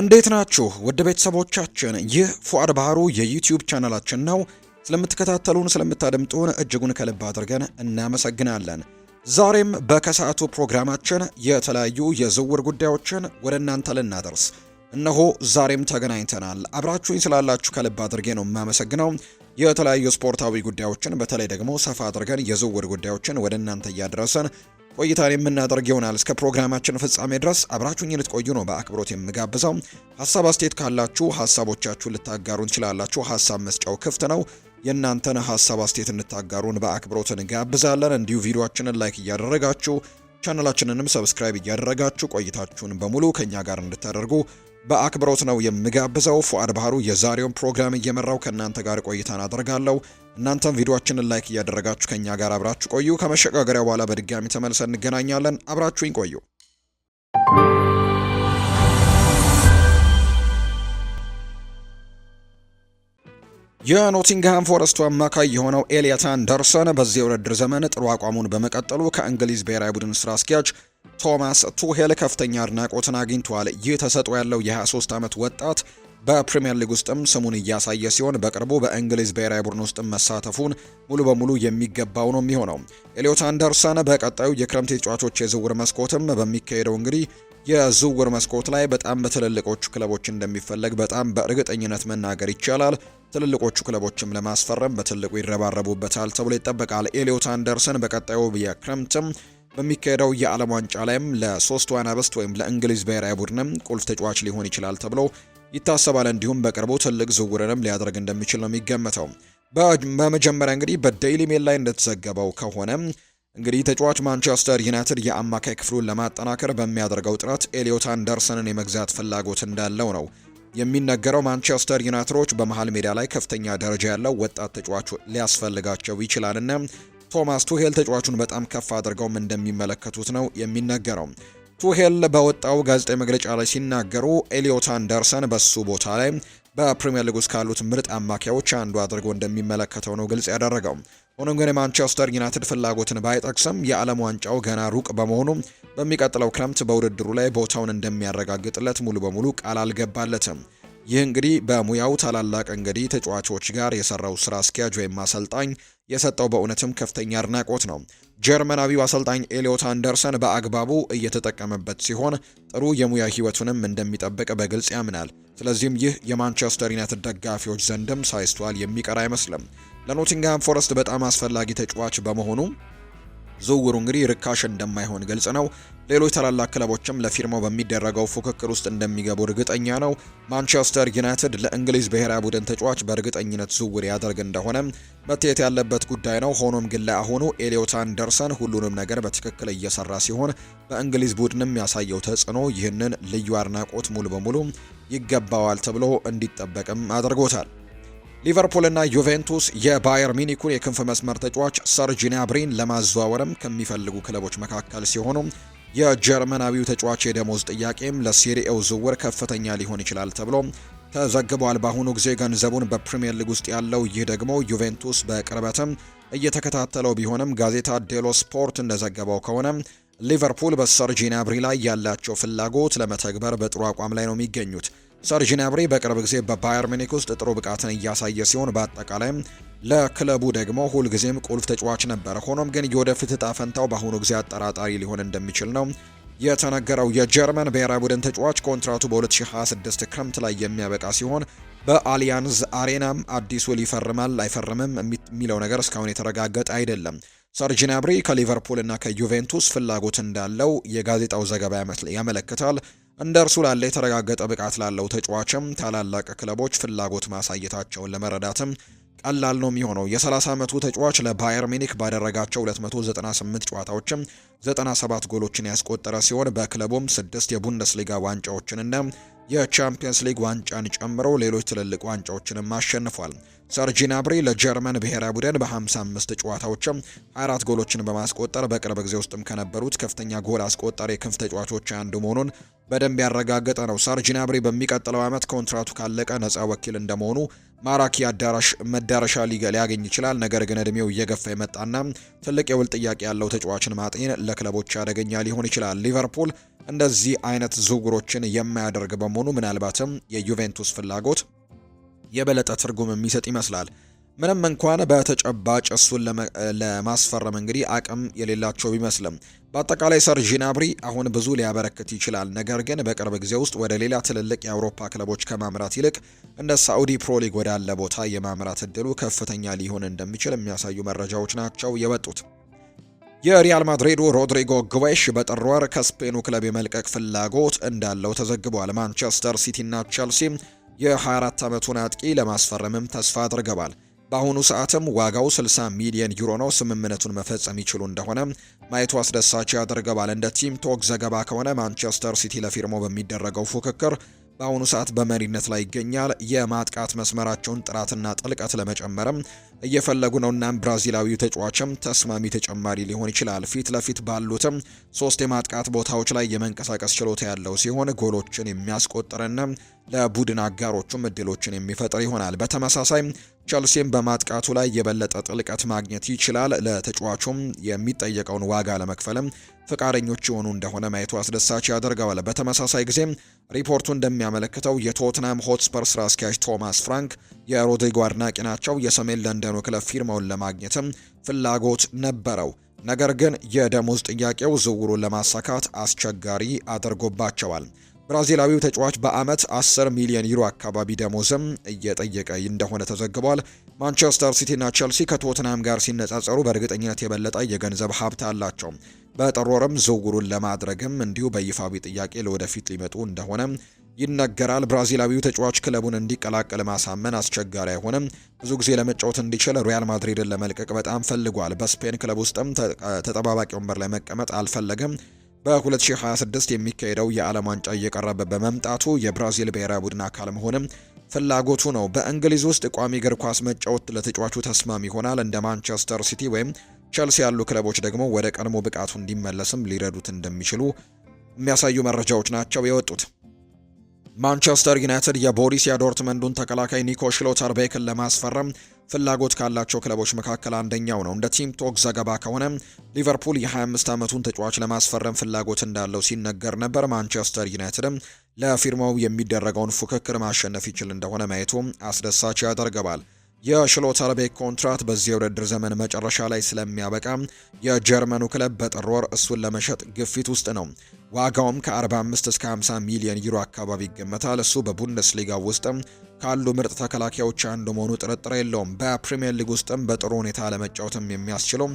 እንዴት ናችሁ ወደ ቤተሰቦቻችን? ይህ ፉአድ ባህሩ የዩቲዩብ ቻናላችን ነው። ስለምትከታተሉን ስለምታደምጡን እጅጉን ከልብ አድርገን እናመሰግናለን። ዛሬም በከሰዓቱ ፕሮግራማችን የተለያዩ የዝውውር ጉዳዮችን ወደ እናንተ ልናደርስ እነሆ ዛሬም ተገናኝተናል። አብራችሁኝ ስላላችሁ ከልብ አድርጌ ነው የማመሰግነው። የተለያዩ ስፖርታዊ ጉዳዮችን በተለይ ደግሞ ሰፋ አድርገን የዝውውር ጉዳዮችን ወደ እናንተ እያደረሰን ቆይታን የምናደርግ ይሆናል። እስከ ፕሮግራማችን ፍጻሜ ድረስ አብራችሁኝ ልትቆዩ ነው በአክብሮት የምጋብዘው። ሀሳብ አስተያየት ካላችሁ ሀሳቦቻችሁ ልታጋሩ እንችላላችሁ። ሀሳብ መስጫው ክፍት ነው። የእናንተን ሀሳብ አስተያየት እንታጋሩን በአክብሮት እንጋብዛለን። እንዲሁ ቪዲዮችንን ላይክ እያደረጋችሁ ቻናላችንንም ሰብስክራይብ እያደረጋችሁ ቆይታችሁን በሙሉ ከኛ ጋር እንድታደርጉ በአክብሮት ነው የምጋብዘው። ፉአድ ባህሩ የዛሬውን ፕሮግራም እየመራው ከእናንተ ጋር ቆይታን አደርጋለሁ። እናንተም ቪዲዮችንን ላይክ እያደረጋችሁ ከእኛ ጋር አብራችሁ ቆዩ። ከመሸጋገሪያ በኋላ በድጋሚ ተመልሰን እንገናኛለን። አብራችሁኝ ቆዩ። የኖቲንግሃም ፎረስቱ አማካይ የሆነው ኤልየት አንደርሰን በዚህ የውድድር ዘመን ጥሩ አቋሙን በመቀጠሉ ከእንግሊዝ ብሔራዊ ቡድን ስራ አስኪያጅ ቶማስ ቱሄል ከፍተኛ አድናቆትን አግኝቷል። ይህ ተሰጥኦ ያለው የ23 ዓመት ወጣት በፕሪምየር ሊግ ውስጥም ስሙን እያሳየ ሲሆን በቅርቡ በእንግሊዝ ብሔራዊ ቡድን ውስጥም መሳተፉን ሙሉ በሙሉ የሚገባው ነው የሚሆነው። ኤሊዮት አንደርሰን በቀጣዩ የክረምት ተጫዋቾች የዝውውር መስኮትም በሚካሄደው እንግዲህ የዝውውር መስኮት ላይ በጣም በትልልቆቹ ክለቦች እንደሚፈለግ በጣም በእርግጠኝነት መናገር ይቻላል። ትልልቆቹ ክለቦችም ለማስፈረም በትልቁ ይረባረቡበታል ተብሎ ይጠበቃል። ኤሊዮት አንደርሰን በቀጣዩ የክረምትም በሚካሄደው የዓለም ዋንጫ ላይም ለሶስቱ አናብስት ወይም ለእንግሊዝ ብሔራዊ ቡድንም ቁልፍ ተጫዋች ሊሆን ይችላል ተብሎ ይታሰባል። እንዲሁም በቅርቡ ትልቅ ዝውውርንም ሊያደርግ እንደሚችል ነው የሚገመተው። በመጀመሪያ እንግዲህ በዴይሊ ሜል ላይ እንደተዘገበው ከሆነ እንግዲህ ተጫዋች ማንቸስተር ዩናይትድ የአማካይ ክፍሉን ለማጠናከር በሚያደርገው ጥረት ኤሊዮት አንደርሰንን የመግዛት ፍላጎት እንዳለው ነው የሚነገረው። ማንቸስተር ዩናይትዶች በመሃል ሜዳ ላይ ከፍተኛ ደረጃ ያለው ወጣት ተጫዋች ሊያስፈልጋቸው ይችላልና ቶማስ ቱሄል ተጫዋቹን በጣም ከፍ አድርገውም እንደሚመለከቱት ነው የሚነገረው። ቱሄል በወጣው ጋዜጣዊ መግለጫ ላይ ሲናገሩ ኤሊዮት አንደርሰን በሱ ቦታ ላይ በፕሪምየር ሊግ ውስጥ ካሉት ምርጥ አማካዮች አንዱ አድርጎ እንደሚመለከተው ነው ግልጽ ያደረገው። ሆኖም ግን የማንቸስተር ዩናይትድ ፍላጎትን ባይጠቅስም የዓለም ዋንጫው ገና ሩቅ በመሆኑ በሚቀጥለው ክረምት በውድድሩ ላይ ቦታውን እንደሚያረጋግጥለት ሙሉ በሙሉ ቃል አልገባለትም። ይህ እንግዲህ በሙያው ታላላቅ እንግዲህ ተጫዋቾች ጋር የሰራው ስራ አስኪያጅ ወይም አሰልጣኝ የሰጠው በእውነትም ከፍተኛ አድናቆት ነው። ጀርመናዊው አሰልጣኝ ኤሊዮት አንደርሰን በአግባቡ እየተጠቀመበት ሲሆን ጥሩ የሙያ ህይወቱንም እንደሚጠብቅ በግልጽ ያምናል። ስለዚህም ይህ የማንቸስተር ዩናይትድ ደጋፊዎች ዘንድም ሳይስተዋል የሚቀር አይመስልም። ለኖቲንግሃም ፎረስት በጣም አስፈላጊ ተጫዋች በመሆኑ ዝውውሩ እንግዲህ ርካሽ እንደማይሆን ግልጽ ነው። ሌሎች ታላላቅ ክለቦችም ለፊርማው በሚደረገው ፉክክር ውስጥ እንደሚገቡ እርግጠኛ ነው። ማንቸስተር ዩናይትድ ለእንግሊዝ ብሔራዊ ቡድን ተጫዋች በእርግጠኝነት ዝውውር ያደርግ እንደሆነ መታየት ያለበት ጉዳይ ነው። ሆኖም ግን ለአሁኑ ኤሊዮት አንደርሰን ሁሉንም ነገር በትክክል እየሰራ ሲሆን፣ በእንግሊዝ ቡድንም ያሳየው ተጽዕኖ ይህንን ልዩ አድናቆት ሙሉ በሙሉ ይገባዋል ተብሎ እንዲጠበቅም አድርጎታል። ሊቨርፑልና ዩቬንቱስ የባየር ሚኒኩን የክንፍ መስመር ተጫዋች ሰርጂን ያብሪን ለማዘዋወርም ከሚፈልጉ ክለቦች መካከል ሲሆኑ የጀርመናዊው ተጫዋች የደሞዝ ጥያቄም ለሴሪኤው ዝውውር ከፍተኛ ሊሆን ይችላል ተብሎ ተዘግቧል። በአሁኑ ጊዜ ገንዘቡን በፕሪምየር ሊግ ውስጥ ያለው ይህ ደግሞ ዩቬንቱስ በቅርበትም እየተከታተለው ቢሆንም ጋዜጣ ዴሎ ስፖርት እንደዘገበው ከሆነ ሊቨርፑል በሰርጂን ያብሪ ላይ ያላቸው ፍላጎት ለመተግበር በጥሩ አቋም ላይ ነው የሚገኙት። ሰርጅ gnabry በቅርብ ጊዜ በባየር ሚኒክ ውስጥ ጥሩ ብቃትን እያሳየ ሲሆን በአጠቃላይ ለክለቡ ደግሞ ሁልጊዜም ቁልፍ ተጫዋች ነበር። ሆኖም ግን የወደፊት እጣ ፈንታው በአሁኑ ጊዜ አጠራጣሪ ሊሆን እንደሚችል ነው የተነገረው። የጀርመን ብሔራዊ ቡድን ተጫዋች ኮንትራቱ በ2026 ክረምት ላይ የሚያበቃ ሲሆን በአሊያንዝ አሬናም አዲስ ውል ይፈርማል አይፈርምም የሚለው ነገር እስካሁን የተረጋገጠ አይደለም። ሰር ጅናብሪ ከሊቨርፑል እና ከዩቬንቱስ ፍላጎት እንዳለው የጋዜጣው ዘገባ ያመለክታል። እንደ እርሱ ላለ የተረጋገጠ ብቃት ላለው ተጫዋችም ታላላቅ ክለቦች ፍላጎት ማሳየታቸውን ለመረዳትም ቀላል ነው የሚሆነው። የ30 ዓመቱ ተጫዋች ለባየር ሚኒክ ባደረጋቸው 298 ጨዋታዎችም 97 ጎሎችን ያስቆጠረ ሲሆን በክለቡም ስድስት የቡንደስሊጋ ዋንጫዎችንና የቻምፒየንስ ሊግ ዋንጫን ጨምሮ ሌሎች ትልልቅ ዋንጫዎችንም አሸንፏል። ሰርጂን አብሪ ለጀርመን ብሔራዊ ቡድን በ55 ጨዋታዎችም 24 ጎሎችን በማስቆጠር በቅርብ ጊዜ ውስጥም ከነበሩት ከፍተኛ ጎል አስቆጣሪ የክንፍ ተጫዋቾች አንዱ መሆኑን በደንብ ያረጋገጠ ነው። ሰርጂን አብሪ በሚቀጥለው ዓመት ኮንትራቱ ካለቀ ነፃ ወኪል እንደመሆኑ ማራኪ አዳራሽ መዳረሻ ሊያገኝ ይችላል። ነገር ግን እድሜው እየገፋ የመጣና ትልቅ የውል ጥያቄ ያለው ተጫዋችን ማጤን ለክለቦች አደገኛ ሊሆን ይችላል። ሊቨርፑል እንደዚህ አይነት ዝውውሮችን የማያደርግ በመሆኑ ምናልባትም የዩቬንቱስ ፍላጎት የበለጠ ትርጉም የሚሰጥ ይመስላል። ምንም እንኳን በተጨባጭ እሱን ለማስፈረም እንግዲህ አቅም የሌላቸው ቢመስልም በአጠቃላይ ሰር ዢናብሪ አሁን ብዙ ሊያበረክት ይችላል። ነገር ግን በቅርብ ጊዜ ውስጥ ወደ ሌላ ትልልቅ የአውሮፓ ክለቦች ከማምራት ይልቅ እንደ ሳዑዲ ፕሮሊግ ወዳለ ቦታ የማምራት እድሉ ከፍተኛ ሊሆን እንደሚችል የሚያሳዩ መረጃዎች ናቸው የወጡት። የሪያል ማድሪዱ ሮድሪጎ ግዌሽ በጥር ወር ከስፔኑ ክለብ የመልቀቅ ፍላጎት እንዳለው ተዘግቧል። ማንቸስተር ሲቲና ቸልሲ የ24 ዓመቱን አጥቂ ለማስፈረምም ተስፋ አድርገዋል። በአሁኑ ሰዓትም ዋጋው 60 ሚሊዮን ዩሮ ነው። ስምምነቱን መፈጸም ይችሉ እንደሆነ ማየቱ አስደሳች ያደርገዋል። እንደ ቲም ቶክ ዘገባ ከሆነ ማንቸስተር ሲቲ ለፊርሞ በሚደረገው ፉክክር በአሁኑ ሰዓት በመሪነት ላይ ይገኛል። የማጥቃት መስመራቸውን ጥራትና ጥልቀት ለመጨመርም እየፈለጉ ነው። እናም ብራዚላዊው ተጫዋችም ተስማሚ ተጨማሪ ሊሆን ይችላል። ፊት ለፊት ባሉትም ሶስት የማጥቃት ቦታዎች ላይ የመንቀሳቀስ ችሎታ ያለው ሲሆን ጎሎችን የሚያስቆጥርና ለቡድን አጋሮቹም እድሎችን የሚፈጥር ይሆናል። በተመሳሳይ ቸልሲም በማጥቃቱ ላይ የበለጠ ጥልቀት ማግኘት ይችላል። ለተጫዋቹም የሚጠየቀውን ዋጋ ለመክፈልም ፈቃደኞች የሆኑ እንደሆነ ማየቱ አስደሳች ያደርገዋል። በተመሳሳይ ጊዜም ሪፖርቱ እንደሚያመለክተው የቶትናም ሆትስፐር ስራ አስኪያጅ ቶማስ ፍራንክ የሮድሪጎ አድናቂ ናቸው። የሰሜን ለንደኑ ክለብ ፊርማውን ለማግኘትም ፍላጎት ነበረው። ነገር ግን የደሞዝ ጥያቄው ዝውውሩን ለማሳካት አስቸጋሪ አድርጎባቸዋል። ብራዚላዊው ተጫዋች በአመት 10 ሚሊዮን ዩሮ አካባቢ ደሞዝም እየጠየቀ እንደሆነ ተዘግቧል። ማንቸስተር ሲቲና ቸልሲ ከቶትናም ጋር ሲነጻጸሩ በእርግጠኝነት የበለጠ የገንዘብ ሀብት አላቸው። በጥር ወርም ዝውውሩን ለማድረግም እንዲሁ በይፋዊ ጥያቄ ለወደፊት ሊመጡ እንደሆነ ይነገራል። ብራዚላዊው ተጫዋች ክለቡን እንዲቀላቀል ማሳመን አስቸጋሪ አይሆንም። ብዙ ጊዜ ለመጫወት እንዲችል ሪያል ማድሪድን ለመልቀቅ በጣም ፈልጓል። በስፔን ክለብ ውስጥም ተጠባባቂ ወንበር ላይ መቀመጥ አልፈለገም። በ2026 የሚካሄደው የዓለም ዋንጫ እየቀረበ በመምጣቱ የብራዚል ብሔራዊ ቡድን አካል መሆንም ፍላጎቱ ነው። በእንግሊዝ ውስጥ ቋሚ እግር ኳስ መጫወት ለተጫዋቹ ተስማሚ ይሆናል። እንደ ማንቸስተር ሲቲ ወይም ቸልሲ ያሉ ክለቦች ደግሞ ወደ ቀድሞ ብቃቱ እንዲመለስም ሊረዱት እንደሚችሉ የሚያሳዩ መረጃዎች ናቸው የወጡት። ማንቸስተር ዩናይትድ የቦሪሲያ ዶርትመንዱን ተከላካይ ኒኮ ሽሎተርቤክን ለማስፈረም ፍላጎት ካላቸው ክለቦች መካከል አንደኛው ነው። እንደ ቲም ቶክ ዘገባ ከሆነ ሊቨርፑል የ25 ዓመቱን ተጫዋች ለማስፈረም ፍላጎት እንዳለው ሲነገር ነበር። ማንቸስተር ዩናይትድም ለፊርማው የሚደረገውን ፉክክር ማሸነፍ ይችል እንደሆነ ማየቱ አስደሳች ያደርገዋል። የሽሎተርቤክ ኮንትራት በዚህ የውድድር ዘመን መጨረሻ ላይ ስለሚያበቃ የጀርመኑ ክለብ በጥር ወር እሱን ለመሸጥ ግፊት ውስጥ ነው። ዋጋውም ከ45 እስከ 50 ሚሊዮን ዩሮ አካባቢ ይገመታል። እሱ በቡንደስሊጋ ውስጥም ካሉ ምርጥ ተከላካዮች አንዱ መሆኑ ጥርጥር የለውም። በፕሪምየር ሊግ ውስጥም በጥሩ ሁኔታ ለመጫወትም የሚያስችለው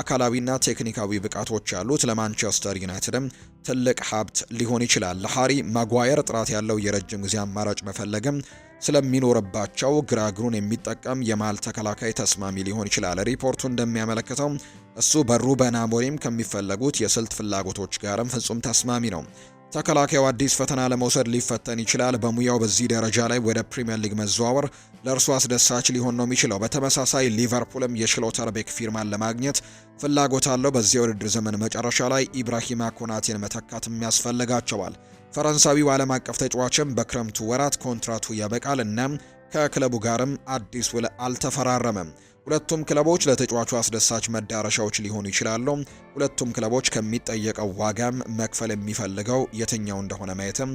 አካላዊና ቴክኒካዊ ብቃቶች ያሉት ለማንቸስተር ዩናይትድም ትልቅ ሀብት ሊሆን ይችላል። ለሃሪ ማጓየር ጥራት ያለው የረጅም ጊዜ አማራጭ መፈለግም ስለሚኖርባቸው ግራ እግሩን የሚጠቀም የመሃል ተከላካይ ተስማሚ ሊሆን ይችላል። ሪፖርቱ እንደሚያመለክተው እሱ በሩ አሞሪም ከሚፈለጉት የስልት ፍላጎቶች ጋርም ፍጹም ተስማሚ ነው። ተከላካዩ አዲስ ፈተና ለመውሰድ ሊፈተን ይችላል። በሙያው በዚህ ደረጃ ላይ ወደ ፕሪምየር ሊግ መዘዋወር ለእርሱ አስደሳች ሊሆን ነው የሚችለው። በተመሳሳይ ሊቨርፑልም የሽሎተር ቤክ ፊርማን ለማግኘት ፍላጎት አለው። በዚህ የውድድር ዘመን መጨረሻ ላይ ኢብራሂማ ኮናቴን መተካትም ያስፈልጋቸዋል። ፈረንሳዊው ዓለም አቀፍ ተጫዋችም በክረምቱ ወራት ኮንትራቱ ያበቃል እና ከክለቡ ጋርም አዲስ ውል አልተፈራረመም። ሁለቱም ክለቦች ለተጫዋቹ አስደሳች መዳረሻዎች ሊሆኑ ይችላሉ። ሁለቱም ክለቦች ከሚጠየቀው ዋጋም መክፈል የሚፈልገው የትኛው እንደሆነ ማየትም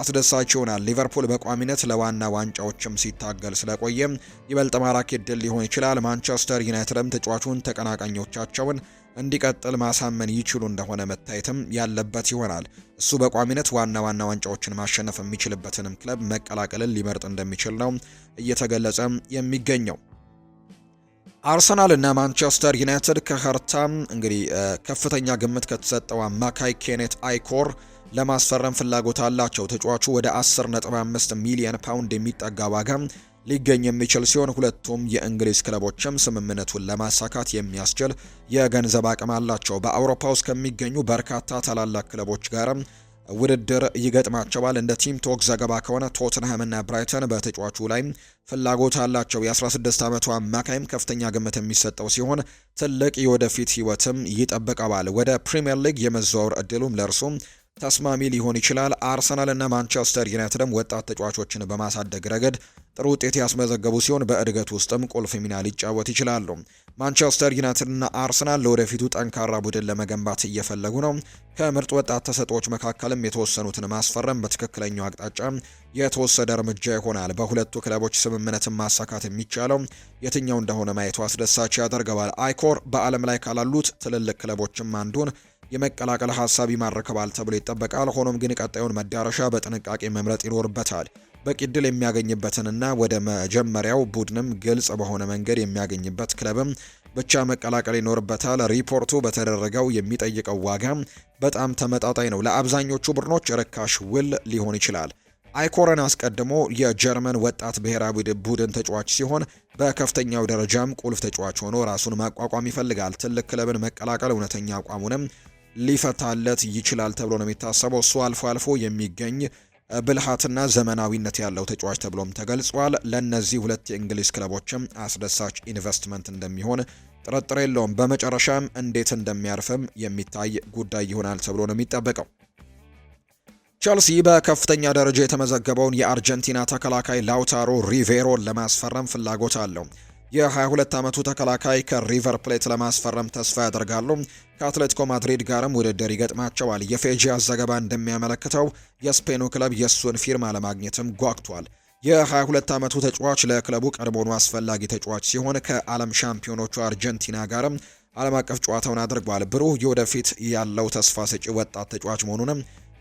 አስደሳች ይሆናል። ሊቨርፑል በቋሚነት ለዋና ዋንጫዎችም ሲታገል ስለቆየ ይበልጥ ማራኪ እድል ሊሆን ይችላል። ማንቸስተር ዩናይትድም ተጫዋቹን ተቀናቃኞቻቸውን እንዲቀጥል ማሳመን ይችሉ እንደሆነ መታየትም ያለበት ይሆናል። እሱ በቋሚነት ዋና ዋና ዋንጫዎችን ማሸነፍ የሚችልበትንም ክለብ መቀላቀልን ሊመርጥ እንደሚችል ነው እየተገለጸ የሚገኘው። አርሰናል እና ማንቸስተር ዩናይትድ ከኸርታም እንግዲህ ከፍተኛ ግምት ከተሰጠው አማካይ ኬኔት አይኮር ለማስፈረም ፍላጎት አላቸው። ተጫዋቹ ወደ 10.5 ሚሊዮን ፓውንድ የሚጠጋ ዋጋ ሊገኝ የሚችል ሲሆን ሁለቱም የእንግሊዝ ክለቦችም ስምምነቱን ለማሳካት የሚያስችል የገንዘብ አቅም አላቸው። በአውሮፓ ውስጥ ከሚገኙ በርካታ ታላላቅ ክለቦች ጋርም ውድድር ይገጥማቸዋል። እንደ ቲም ቶክ ዘገባ ከሆነ ቶትንሃም እና ብራይተን በተጫዋቹ ላይ ፍላጎት አላቸው። የ16 ዓመቱ አማካይም ከፍተኛ ግምት የሚሰጠው ሲሆን ትልቅ የወደፊት ህይወትም ይጠብቀዋል። ወደ ፕሪምየር ሊግ የመዘዋወር እድሉም ለእርሱም ተስማሚ ሊሆን ይችላል። አርሰናል እና ማንቸስተር ዩናይትድም ወጣት ተጫዋቾችን በማሳደግ ረገድ ጥሩ ውጤት ያስመዘገቡ ሲሆን በእድገት ውስጥም ቁልፍ ሚና ሊጫወት ይችላሉ። ማንቸስተር ዩናይትድና አርሰናል ለወደፊቱ ጠንካራ ቡድን ለመገንባት እየፈለጉ ነው። ከምርጥ ወጣት ተሰጦች መካከልም የተወሰኑትን ማስፈረም በትክክለኛው አቅጣጫ የተወሰደ እርምጃ ይሆናል። በሁለቱ ክለቦች ስምምነትን ማሳካት የሚቻለው የትኛው እንደሆነ ማየቱ አስደሳች ያደርገዋል። አይኮር በዓለም ላይ ካላሉት ትልልቅ ክለቦችም አንዱን የመቀላቀል ሀሳብ ይማርከባል ተብሎ ይጠበቃል። ሆኖም ግን ቀጣዩን መዳረሻ በጥንቃቄ መምረጥ ይኖርበታል። በቂ እድል የሚያገኝበትንና ወደ መጀመሪያው ቡድንም ግልጽ በሆነ መንገድ የሚያገኝበት ክለብም ብቻ መቀላቀል ይኖርበታል። ሪፖርቱ በተደረገው የሚጠይቀው ዋጋ በጣም ተመጣጣኝ ነው። ለአብዛኞቹ ቡድኖች ርካሽ ውል ሊሆን ይችላል። አይኮረን አስቀድሞ የጀርመን ወጣት ብሔራዊ ቡድን ተጫዋች ሲሆን በከፍተኛው ደረጃም ቁልፍ ተጫዋች ሆኖ ራሱን ማቋቋም ይፈልጋል። ትልቅ ክለብን መቀላቀል እውነተኛ አቋሙንም ሊፈታለት ይችላል ተብሎ ነው የሚታሰበው። እሱ አልፎ አልፎ የሚገኝ ብልሃትና ዘመናዊነት ያለው ተጫዋች ተብሎም ተገልጿል። ለእነዚህ ሁለት የእንግሊዝ ክለቦችም አስደሳች ኢንቨስትመንት እንደሚሆን ጥርጥር የለውም። በመጨረሻም እንዴት እንደሚያርፍም የሚታይ ጉዳይ ይሆናል ተብሎ ነው የሚጠበቀው። ቸልሲ በከፍተኛ ደረጃ የተመዘገበውን የአርጀንቲና ተከላካይ ላውታሮ ሪቬሮን ለማስፈረም ፍላጎት አለው። የ22 ዓመቱ ተከላካይ ከሪቨር ፕሌት ለማስፈረም ተስፋ ያደርጋሉ። ከአትሌቲኮ ማድሪድ ጋርም ውድድር ይገጥማቸዋል። የፌጂያ ዘገባ እንደሚያመለክተው የስፔኑ ክለብ የእሱን ፊርማ ለማግኘትም ጓግቷል። የ22 ዓመቱ ተጫዋች ለክለቡ ቀድሞኑ አስፈላጊ ተጫዋች ሲሆን ከዓለም ሻምፒዮኖቹ አርጀንቲና ጋርም ዓለም አቀፍ ጨዋታውን አድርጓል። ብሩህ የወደፊት ያለው ተስፋ ሰጪ ወጣት ተጫዋች መሆኑንም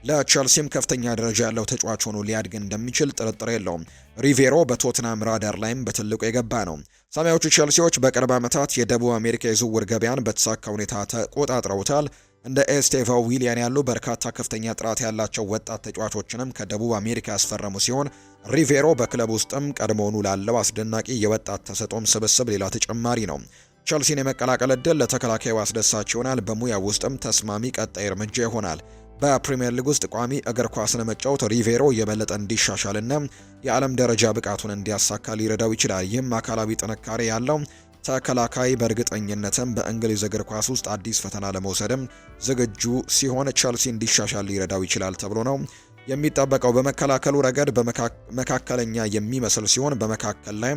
ለቸልሲም ከፍተኛ ደረጃ ያለው ተጫዋች ሆኖ ሊያድግ እንደሚችል ጥርጥር የለውም። ሪቬሮ በቶትናም ራዳር ላይም በትልቁ የገባ ነው። ሰማያዎቹ ቼልሲዎች በቅርብ ዓመታት የደቡብ አሜሪካ የዝውውር ገበያን በተሳካ ሁኔታ ተቆጣጥረውታል። እንደ ኤስቴቫ ዊሊያን ያሉ በርካታ ከፍተኛ ጥራት ያላቸው ወጣት ተጫዋቾችንም ከደቡብ አሜሪካ ያስፈረሙ ሲሆን ሪቬሮ በክለብ ውስጥም ቀድሞውኑ ላለው አስደናቂ የወጣት ተሰጦም ስብስብ ሌላ ተጨማሪ ነው። ቸልሲን የመቀላቀል እድል ለተከላካዩ አስደሳች ይሆናል። በሙያው ውስጥም ተስማሚ ቀጣይ እርምጃ ይሆናል። በፕሪምየር ሊግ ውስጥ ቋሚ እግር ኳስ ለመጫወት ሪቬሮ የበለጠ እንዲሻሻልና የዓለም ደረጃ ብቃቱን እንዲያሳካ ሊረዳው ይችላል። ይህም አካላዊ ጥንካሬ ያለው ተከላካይ በእርግጠኝነትም በእንግሊዝ እግር ኳስ ውስጥ አዲስ ፈተና ለመውሰድም ዝግጁ ሲሆን ቸልሲ እንዲሻሻል ሊረዳው ይችላል ተብሎ ነው የሚጠበቀው። በመከላከሉ ረገድ መካከለኛ የሚመስል ሲሆን በመካከል ላይ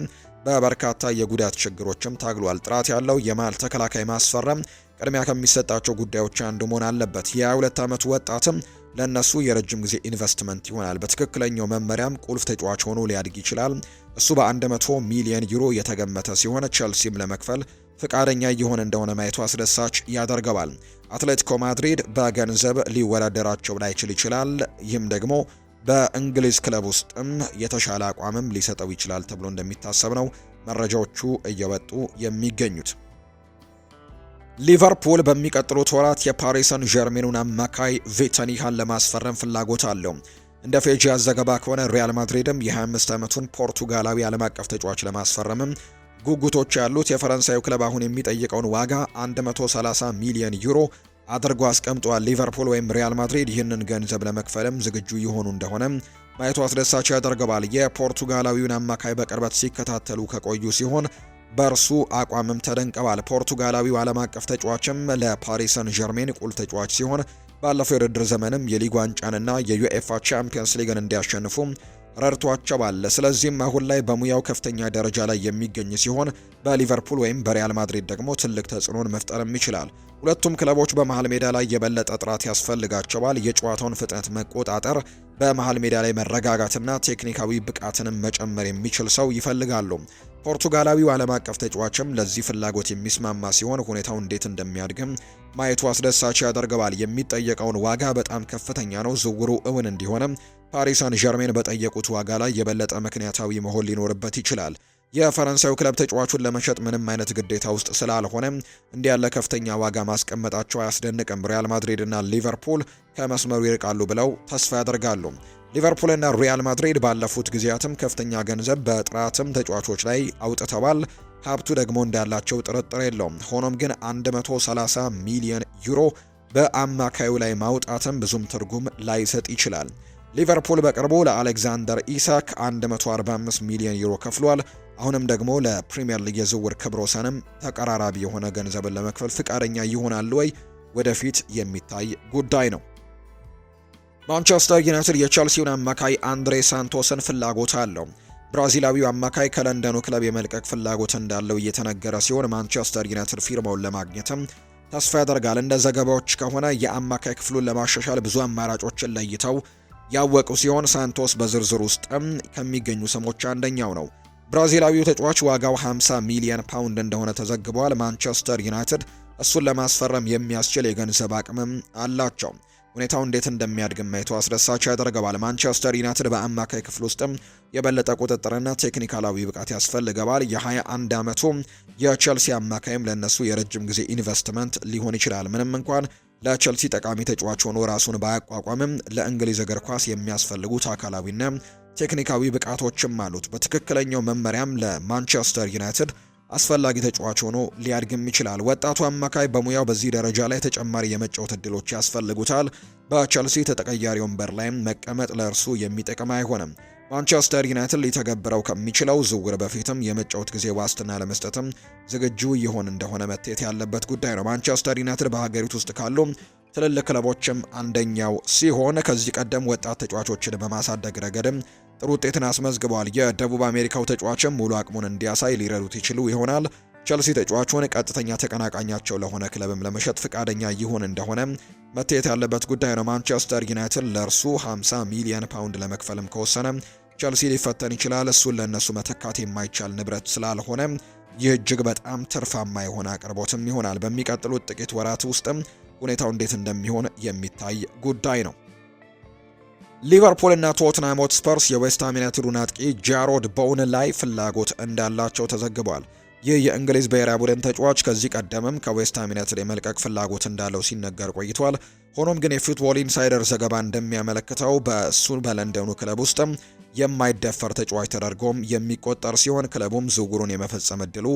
በበርካታ የጉዳት ችግሮችም ታግሏል። ጥራት ያለው የማል ተከላካይ ማስፈረም ቅድሚያ ከሚሰጣቸው ጉዳዮች አንዱ መሆን አለበት። የ22 ዓመቱ ወጣትም ለእነሱ የረጅም ጊዜ ኢንቨስትመንት ይሆናል። በትክክለኛው መመሪያም ቁልፍ ተጫዋች ሆኖ ሊያድግ ይችላል። እሱ በ100 ሚሊዮን ዩሮ የተገመተ ሲሆን ቸልሲም ለመክፈል ፍቃደኛ እየሆነ እንደሆነ ማየቱ አስደሳች ያደርገዋል። አትሌቲኮ ማድሪድ በገንዘብ ሊወዳደራቸው ላይችል ይችላል። ይህም ደግሞ በእንግሊዝ ክለብ ውስጥም የተሻለ አቋምም ሊሰጠው ይችላል ተብሎ እንደሚታሰብ ነው መረጃዎቹ እየወጡ የሚገኙት። ሊቨርፑል በሚቀጥሉት ወራት የፓሪሰን ጀርሜኑን አማካይ ቬተኒሃን ለማስፈረም ፍላጎት አለው። እንደ ፌጂያ ዘገባ ከሆነ ሪያል ማድሪድም የ25 ዓመቱን ፖርቱጋላዊ ዓለም አቀፍ ተጫዋች ለማስፈረምም ጉጉቶች ያሉት የፈረንሳዩ ክለብ አሁን የሚጠይቀውን ዋጋ 130 ሚሊዮን ዩሮ አድርጎ አስቀምጧል። ሊቨርፑል ወይም ሪያል ማድሪድ ይህንን ገንዘብ ለመክፈልም ዝግጁ የሆኑ እንደሆነ ማየቱ አስደሳች ያደርገዋል። የፖርቱጋላዊውን አማካይ በቅርበት ሲከታተሉ ከቆዩ ሲሆን በእርሱ አቋምም ተደንቀዋል። ፖርቱጋላዊው ዓለም አቀፍ ተጫዋችም ለፓሪሰን ጀርሜን ቁልፍ ተጫዋች ሲሆን ባለፈው የውድድር ዘመንም የሊግ ዋንጫንና የዩኤፋ ቻምፒየንስ ሊግን እንዲያሸንፉ ረድቷቸዋል። ስለዚህም አሁን ላይ በሙያው ከፍተኛ ደረጃ ላይ የሚገኝ ሲሆን በሊቨርፑል ወይም በሪያል ማድሪድ ደግሞ ትልቅ ተጽዕኖን መፍጠርም ይችላል። ሁለቱም ክለቦች በመሃል ሜዳ ላይ የበለጠ ጥራት ያስፈልጋቸዋል። የጨዋታውን ፍጥነት መቆጣጠር፣ በመሃል ሜዳ ላይ መረጋጋትና ቴክኒካዊ ብቃትንም መጨመር የሚችል ሰው ይፈልጋሉ። ፖርቱጋላዊው ዓለም አቀፍ ተጫዋችም ለዚህ ፍላጎት የሚስማማ ሲሆን ሁኔታው እንዴት እንደሚያድግም ማየቱ አስደሳች ያደርገዋል። የሚጠየቀውን ዋጋ በጣም ከፍተኛ ነው። ዝውውሩ እውን እንዲሆንም ፓሪስ ሳን ዠርሜን በጠየቁት ዋጋ ላይ የበለጠ ምክንያታዊ መሆን ሊኖርበት ይችላል። የፈረንሳዩ ክለብ ተጫዋቹን ለመሸጥ ምንም አይነት ግዴታ ውስጥ ስላልሆነ እንዲህ ያለ ከፍተኛ ዋጋ ማስቀመጣቸው አያስደንቅም። ሪያል ማድሪድ እና ሊቨርፑል ከመስመሩ ይርቃሉ ብለው ተስፋ ያደርጋሉ። ሊቨርፑልና ሪያል ማድሪድ ባለፉት ጊዜያትም ከፍተኛ ገንዘብ በጥራትም ተጫዋቾች ላይ አውጥተዋል። ሀብቱ ደግሞ እንዳላቸው ጥርጥር የለውም። ሆኖም ግን 130 ሚሊዮን ዩሮ በአማካዩ ላይ ማውጣትም ብዙም ትርጉም ላይሰጥ ይችላል። ሊቨርፑል በቅርቡ ለአሌክዛንደር ኢሳክ 145 ሚሊዮን ዩሮ ከፍሏል። አሁንም ደግሞ ለፕሪምየር ሊግ የዝውውር ክብረ ወሰንም ተቀራራቢ የሆነ ገንዘብን ለመክፈል ፍቃደኛ ይሆናል ወይ? ወደፊት የሚታይ ጉዳይ ነው። ማንቸስተር ዩናይትድ የቸልሲውን አማካይ አንድሬ ሳንቶስን ፍላጎት አለው። ብራዚላዊው አማካይ ከለንደኑ ክለብ የመልቀቅ ፍላጎት እንዳለው እየተነገረ ሲሆን ማንቸስተር ዩናይትድ ፊርማውን ለማግኘትም ተስፋ ያደርጋል። እንደ ዘገባዎች ከሆነ የአማካይ ክፍሉን ለማሻሻል ብዙ አማራጮችን ለይተው ያወቁ ሲሆን ሳንቶስ በዝርዝር ውስጥም ከሚገኙ ስሞች አንደኛው ነው። ብራዚላዊው ተጫዋች ዋጋው 50 ሚሊዮን ፓውንድ እንደሆነ ተዘግቧል። ማንቸስተር ዩናይትድ እሱን ለማስፈረም የሚያስችል የገንዘብ አቅምም አላቸው። ሁኔታው እንዴት እንደሚያድግ ማየቱ አስደሳች ያደርገዋል። ማንቸስተር ዩናይትድ በአማካይ ክፍል ውስጥም የበለጠ ቁጥጥርና ቴክኒካላዊ ብቃት ያስፈልገዋል። የ21 ዓመቱ የቼልሲ አማካይም ለእነሱ የረጅም ጊዜ ኢንቨስትመንት ሊሆን ይችላል። ምንም እንኳን ለቼልሲ ጠቃሚ ተጫዋች ሆኖ ራሱን ባያቋቋምም ለእንግሊዝ እግር ኳስ የሚያስፈልጉት አካላዊና ቴክኒካዊ ብቃቶችም አሉት። በትክክለኛው መመሪያም ለማንቸስተር ዩናይትድ አስፈላጊ ተጫዋች ሆኖ ሊያድግም ይችላል። ወጣቱ አማካይ በሙያው በዚህ ደረጃ ላይ ተጨማሪ የመጫወት እድሎች ያስፈልጉታል። በቸልሲ ተቀያሪ ወንበር ላይም መቀመጥ ለእርሱ የሚጠቅም አይሆንም። ማንቸስተር ዩናይትድ ሊተገብረው ከሚችለው ዝውውር በፊትም የመጫወት ጊዜ ዋስትና ለመስጠትም ዝግጁ ይሆን እንደሆነ መታየት ያለበት ጉዳይ ነው። ማንቸስተር ዩናይትድ በሀገሪቱ ውስጥ ካሉ ትልልቅ ክለቦችም አንደኛው ሲሆን ከዚህ ቀደም ወጣት ተጫዋቾችን በማሳደግ ረገድም ጥሩ ውጤትን አስመዝግቧል የደቡብ አሜሪካው ተጫዋችም ሙሉ አቅሙን እንዲያሳይ ሊረዱት ይችሉ ይሆናል። ቸልሲ ተጫዋቹን ቀጥተኛ ተቀናቃኛቸው ለሆነ ክለብም ለመሸጥ ፈቃደኛ ይሆን እንደሆነ መታየት ያለበት ጉዳይ ነው። ማንቸስተር ዩናይትድ ለእርሱ 50 ሚሊዮን ፓውንድ ለመክፈልም ከወሰነ ቸልሲ ሊፈተን ይችላል። እሱን ለእነሱ መተካት የማይቻል ንብረት ስላልሆነ ይህ እጅግ በጣም ትርፋማ የሆነ አቅርቦትም ይሆናል። በሚቀጥሉት ጥቂት ወራት ውስጥም ሁኔታው እንዴት እንደሚሆን የሚታይ ጉዳይ ነው። ሊቨርፑልና ቶትናም ሆትስፐርስ የዌስትሃም ዩናይትዱን አጥቂ ጃሮድ ቦውን ላይ ፍላጎት እንዳላቸው ተዘግቧል። ይህ የእንግሊዝ ብሔራዊ ቡድን ተጫዋች ከዚህ ቀደምም ከዌስትሃም ዩናይትድ የመልቀቅ ፍላጎት እንዳለው ሲነገር ቆይቷል። ሆኖም ግን የፉትቦል ኢንሳይደር ዘገባ እንደሚያመለክተው በእሱ በለንደኑ ክለብ ውስጥም የማይደፈር ተጫዋች ተደርጎም የሚቆጠር ሲሆን ክለቡም ዝውውሩን የመፈጸም እድሉ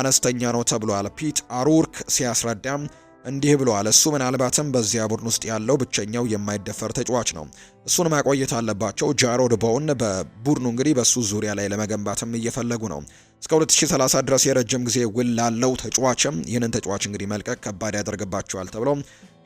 አነስተኛ ነው ተብሏል። ፒት አሩርክ ሲያስረዳም እንዲህ ብለዋል። እሱ ምናልባትም በዚያ ቡድን ውስጥ ያለው ብቸኛው የማይደፈር ተጫዋች ነው። እሱን ማቆየት አለባቸው። ጃሮድ ቦውን በቡድኑ እንግዲህ በእሱ ዙሪያ ላይ ለመገንባትም እየፈለጉ ነው። እስከ 2030 ድረስ የረጅም ጊዜ ውል ላለው ተጫዋችም ይህንን ተጫዋች እንግዲህ መልቀቅ ከባድ ያደርግባቸዋል ተብሎ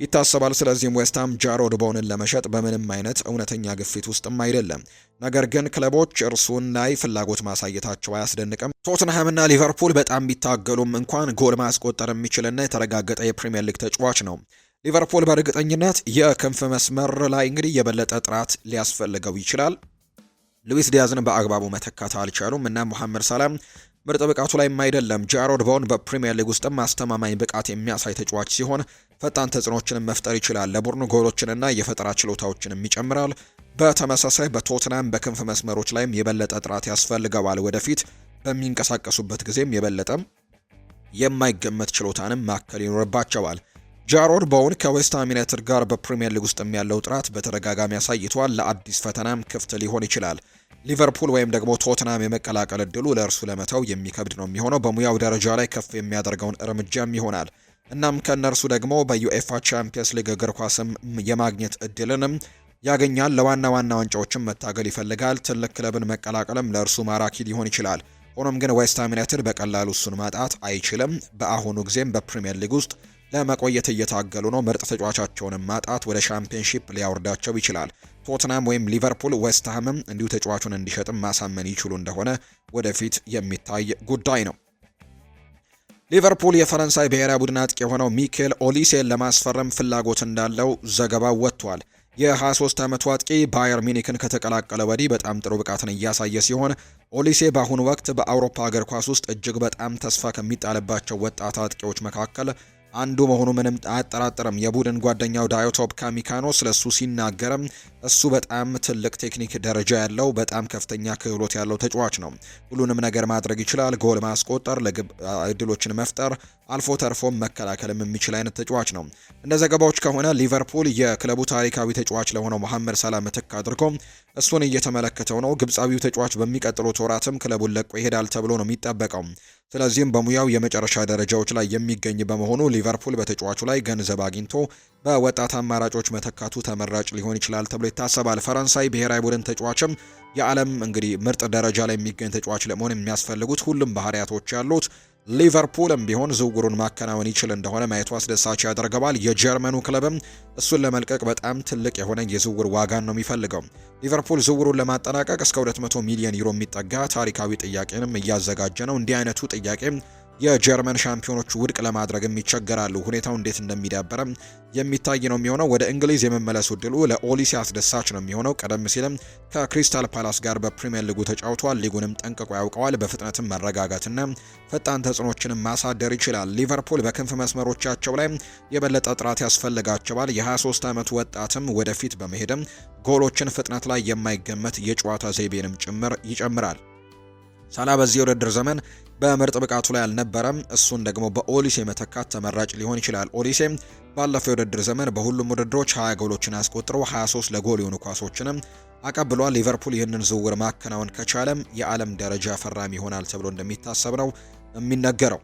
ይታሰባል። ስለዚህም ዌስትሃም ጃሮድ ቦውንን ለመሸጥ በምንም አይነት እውነተኛ ግፊት ውስጥም አይደለም። ነገር ግን ክለቦች እርሱን ላይ ፍላጎት ማሳየታቸው አያስደንቅም። ቶትንሃምና ሊቨርፑል በጣም ቢታገሉም እንኳን ጎል ማስቆጠር የሚችልና የተረጋገጠ የፕሪምየር ሊግ ተጫዋች ነው። ሊቨርፑል በእርግጠኝነት የክንፍ መስመር ላይ እንግዲህ የበለጠ ጥራት ሊያስፈልገው ይችላል። ሉዊስ ዲያዝን በአግባቡ መተካት አልቻሉም እና ሙሐመድ ሳላም ምርጥ ብቃቱ ላይም አይደለም። ጃሮድ ቦን በፕሪምየር ሊግ ውስጥም አስተማማኝ ብቃት የሚያሳይ ተጫዋች ሲሆን ፈጣን ተጽዕኖችንም መፍጠር ይችላል። ለቡድኑ ጎሎችንና የፈጠራ ችሎታዎችንም ይጨምራል። በተመሳሳይ በቶትናም በክንፍ መስመሮች ላይም የበለጠ ጥራት ያስፈልገዋል። ወደፊት በሚንቀሳቀሱበት ጊዜም የበለጠም የማይገመት ችሎታንም ማከል ይኖርባቸዋል። ጃሮድ ቦውን ከዌስትሃም ዩናይትድ ጋር በፕሪምየር ሊግ ውስጥ ያለው ጥራት በተደጋጋሚ አሳይቷል። ለአዲስ ፈተናም ክፍት ሊሆን ይችላል። ሊቨርፑል ወይም ደግሞ ቶትናም የመቀላቀል እድሉ ለእርሱ ለመተው የሚከብድ ነው የሚሆነው። በሙያው ደረጃ ላይ ከፍ የሚያደርገውን እርምጃም ይሆናል። እናም ከእነርሱ ደግሞ በዩኤፋ ቻምፒየንስ ሊግ እግር ኳስም የማግኘት እድልንም ያገኛል። ለዋና ዋና ዋንጫዎችም መታገል ይፈልጋል። ትልቅ ክለብን መቀላቀልም ለእርሱ ማራኪ ሊሆን ይችላል። ሆኖም ግን ዌስትሃም ዩናይትድ በቀላሉ እሱን ማጣት አይችልም። በአሁኑ ጊዜም በፕሪምየር ሊግ ውስጥ ለመቆየት እየታገሉ ነው። ምርጥ ተጫዋቻቸውንም ማጣት ወደ ሻምፒዮንሺፕ ሊያወርዳቸው ይችላል። ቶትናም ወይም ሊቨርፑል፣ ዌስትሃምም እንዲሁ ተጫዋቹን እንዲሸጥም ማሳመን ይችሉ እንደሆነ ወደፊት የሚታይ ጉዳይ ነው። ሊቨርፑል የፈረንሳይ ብሔራዊ ቡድን አጥቂ የሆነው ሚኬል ኦሊሴን ለማስፈረም ፍላጎት እንዳለው ዘገባው ወጥቷል። የ23 ዓመቱ አጥቂ ባየር ሚኒክን ከተቀላቀለ ወዲህ በጣም ጥሩ ብቃትን እያሳየ ሲሆን ኦሊሴ በአሁኑ ወቅት በአውሮፓ እግር ኳስ ውስጥ እጅግ በጣም ተስፋ ከሚጣልባቸው ወጣት አጥቂዎች መካከል አንዱ መሆኑ ምንም አያጠራጥርም። የቡድን ጓደኛው ዳዮቶፕ ካሚካኖ ስለሱ ሲናገርም እሱ በጣም ትልቅ ቴክኒክ ደረጃ ያለው በጣም ከፍተኛ ክህሎት ያለው ተጫዋች ነው። ሁሉንም ነገር ማድረግ ይችላል። ጎል ማስቆጠር፣ ለግብ እድሎችን መፍጠር፣ አልፎ ተርፎም መከላከልም የሚችል አይነት ተጫዋች ነው። እንደ ዘገባዎች ከሆነ ሊቨርፑል የክለቡ ታሪካዊ ተጫዋች ለሆነው መሐመድ ሳላ ምትክ አድርጎ እሱን እየተመለከተው ነው። ግብፃዊው ተጫዋች በሚቀጥሉት ወራትም ክለቡን ለቆ ይሄዳል ተብሎ ነው የሚጠበቀው። ስለዚህም በሙያው የመጨረሻ ደረጃዎች ላይ የሚገኝ በመሆኑ ሊቨርፑል በተጫዋቹ ላይ ገንዘብ አግኝቶ በወጣት አማራጮች መተካቱ ተመራጭ ሊሆን ይችላል ተብሎ ይታሰባል። ፈረንሳይ ብሔራዊ ቡድን ተጫዋችም የዓለም እንግዲህ ምርጥ ደረጃ ላይ የሚገኝ ተጫዋች ለመሆን የሚያስፈልጉት ሁሉም ባህሪያቶች ያሉት ሊቨርፑልም ቢሆን ዝውውሩን ማከናወን ይችል እንደሆነ ማየቱ አስደሳች ያደርገዋል። የጀርመኑ ክለብም እሱን ለመልቀቅ በጣም ትልቅ የሆነ የዝውውር ዋጋን ነው የሚፈልገው። ሊቨርፑል ዝውውሩን ለማጠናቀቅ እስከ 200 ሚሊዮን ዩሮ የሚጠጋ ታሪካዊ ጥያቄንም እያዘጋጀ ነው። እንዲህ አይነቱ ጥያቄ የጀርመን ሻምፒዮኖች ውድቅ ለማድረግም ይቸገራሉ። ሁኔታው እንዴት እንደሚዳበረም የሚታይ ነው የሚሆነው። ወደ እንግሊዝ የመመለሱ እድሉ ለኦሊሲ አስደሳች ነው የሚሆነው። ቀደም ሲልም ከክሪስታል ፓላስ ጋር በፕሪምየር ሊጉ ተጫውቷል። ሊጉንም ጠንቅቆ ያውቀዋል። በፍጥነትም መረጋጋትና ፈጣን ተጽዕኖችንም ማሳደር ይችላል። ሊቨርፑል በክንፍ መስመሮቻቸው ላይ የበለጠ ጥራት ያስፈልጋቸዋል። የ23 ዓመቱ ወጣትም ወደፊት በመሄድም ጎሎችን ፍጥነት ላይ የማይገመት የጨዋታ ዘይቤንም ጭምር ይጨምራል። ሳላ በዚህ የውድድር ዘመን በምርጥ ብቃቱ ላይ አልነበረም። እሱን ደግሞ በኦሊሴ መተካት ተመራጭ ሊሆን ይችላል። ኦሊሴ ባለፈው የውድድር ዘመን በሁሉም ውድድሮች 20 ጎሎችን አስቆጥሮ 23 ለጎል የሆኑ ኳሶችንም አቀብሏል። ሊቨርፑል ይህንን ዝውውር ማከናወን ከቻለም የዓለም ደረጃ ፈራሚ ይሆናል ተብሎ እንደሚታሰብ ነው የሚነገረው።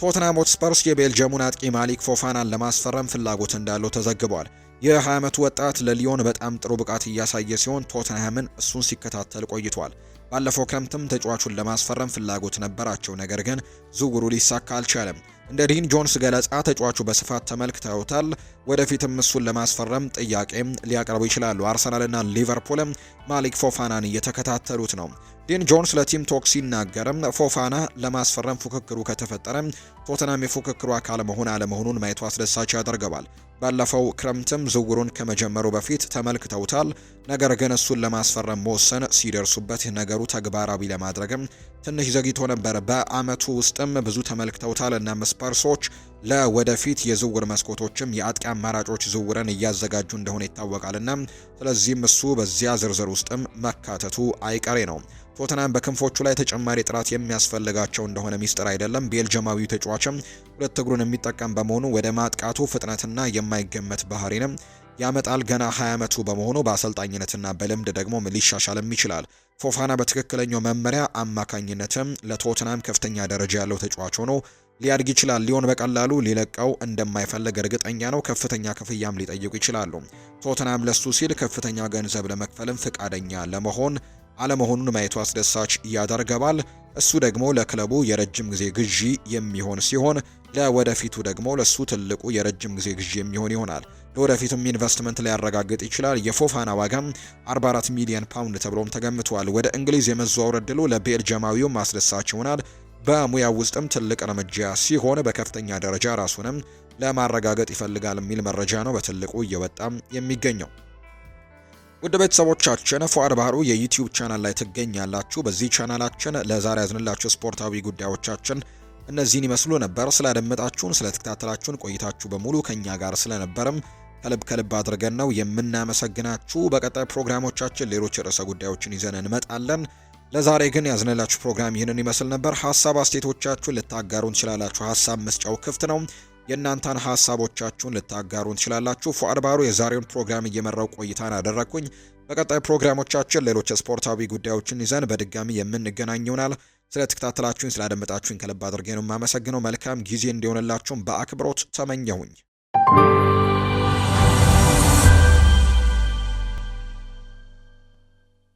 ቶትናም ሆትስፐርስ የቤልጅየሙን አጥቂ ማሊክ ፎፋናን ለማስፈረም ፍላጎት እንዳለው ተዘግቧል። የ20 ዓመቱ ወጣት ለሊዮን በጣም ጥሩ ብቃት እያሳየ ሲሆን ቶትንሃምን እሱን ሲከታተል ቆይቷል። ባለፈው ክረምትም ተጫዋቹን ለማስፈረም ፍላጎት ነበራቸው፣ ነገር ግን ዝውውሩ ሊሳካ አልቻለም። እንደ ዲን ጆንስ ገለጻ ተጫዋቹ በስፋት ተመልክተውታል። ወደፊትም እሱን ለማስፈረም ጥያቄም ሊያቀርቡ ይችላሉ። አርሰናልና ሊቨርፑልም ማሊክ ፎፋናን እየተከታተሉት ነው። ዲን ጆንስ ለቲም ቶክ ሲናገርም ፎፋና ለማስፈረም ፉክክሩ ከተፈጠረ ቶተናም የፉክክሩ አካል መሆን አለመሆኑን ማየቱ አስደሳች ያደርገዋል። ባለፈው ክረምትም ዝውውሩን ከመጀመሩ በፊት ተመልክተውታል። ነገር ግን እሱን ለማስፈረም መወሰን ሲደርሱበት ነገሩ ተግባራዊ ለማድረግም ትንሽ ዘግይቶ ነበር። በአመቱ ውስጥም ብዙ ተመልክተውታል። እናም ስፐርሶች ለወደፊት የዝውውር መስኮቶችም የአጥቂ አማራጮች ዝውውርን እያዘጋጁ እንደሆነ ይታወቃልና ስለዚህም እሱ በዚያ ዝርዝር ውስጥም መካተቱ አይቀሬ ነው። ቶተናም በክንፎቹ ላይ ተጨማሪ ጥራት የሚያስፈልጋቸው እንደሆነ ሚስጥር አይደለም። ቤልጅማዊው ተጫዋችም ሁለት እግሩን የሚጠቀም በመሆኑ ወደ ማጥቃቱ ፍጥነትና የማይገመት ባህሪንም ያመጣል። ገና 20 ዓመቱ በመሆኑ በአሰልጣኝነትና በልምድ ደግሞ ሊሻሻልም ይችላል። ፎፋና በትክክለኛው መመሪያ አማካኝነትም ለቶትናም ከፍተኛ ደረጃ ያለው ተጫዋች ሆኖ ሊያድግ ይችላል። ሊሆን በቀላሉ ሊለቀው እንደማይፈልግ እርግጠኛ ነው። ከፍተኛ ክፍያም ሊጠይቁ ይችላሉ። ቶትናም ለሱ ሲል ከፍተኛ ገንዘብ ለመክፈልም ፍቃደኛ ለመሆን አለመሆኑን ማየቱ አስደሳች ያደርገባል። እሱ ደግሞ ለክለቡ የረጅም ጊዜ ግዢ የሚሆን ሲሆን ለወደፊቱ ደግሞ ለሱ ትልቁ የረጅም ጊዜ ግዢ የሚሆን ይሆናል። ለወደፊቱም ኢንቨስትመንት ሊያረጋግጥ ይችላል። የፎፋና ዋጋም 44 ሚሊዮን ፓውንድ ተብሎም ተገምቷል። ወደ እንግሊዝ የመዘዋወር እድሉ ለቤልጅማዊው ማስደሳች ይሆናል። በሙያው ውስጥም ትልቅ እርምጃ ሲሆን በከፍተኛ ደረጃ ራሱንም ለማረጋገጥ ይፈልጋል የሚል መረጃ ነው በትልቁ እየወጣም የሚገኘው። ውድ ቤተሰቦቻችን ፏር ባህሩ የዩቲዩብ ቻናል ላይ ትገኛላችሁ። በዚህ ቻናላችን ለዛሬ ያዝንላችሁ ስፖርታዊ ጉዳዮቻችን እነዚህን ይመስሉ ነበር። ስላደመጣችሁን፣ ስለተከታተላችሁን ቆይታችሁ በሙሉ ከእኛ ጋር ስለነበርም ከልብ ከልብ አድርገን ነው የምናመሰግናችሁ። በቀጣይ ፕሮግራሞቻችን ሌሎች ርዕሰ ጉዳዮችን ይዘን እንመጣለን። ለዛሬ ግን ያዝንላችሁ ፕሮግራም ይህንን ይመስል ነበር። ሀሳብ አስተያየቶቻችሁን ልታጋሩን ትችላላችሁ። ሀሳብ መስጫው ክፍት ነው። የእናንተን ሀሳቦቻችሁን ልታጋሩን ትችላላችሁ። ፉአድ ባሩ የዛሬውን ፕሮግራም እየመራው ቆይታን አደረግኩኝ። በቀጣይ ፕሮግራሞቻችን ሌሎች ስፖርታዊ ጉዳዮችን ይዘን በድጋሚ የምንገናኝ ይሆናል። ስላደመጣችሁኝ ከልብ አድርጌ ነው የማመሰግነው። መልካም ጊዜ እንዲሆንላችሁም በአክብሮት ተመኘሁኝ።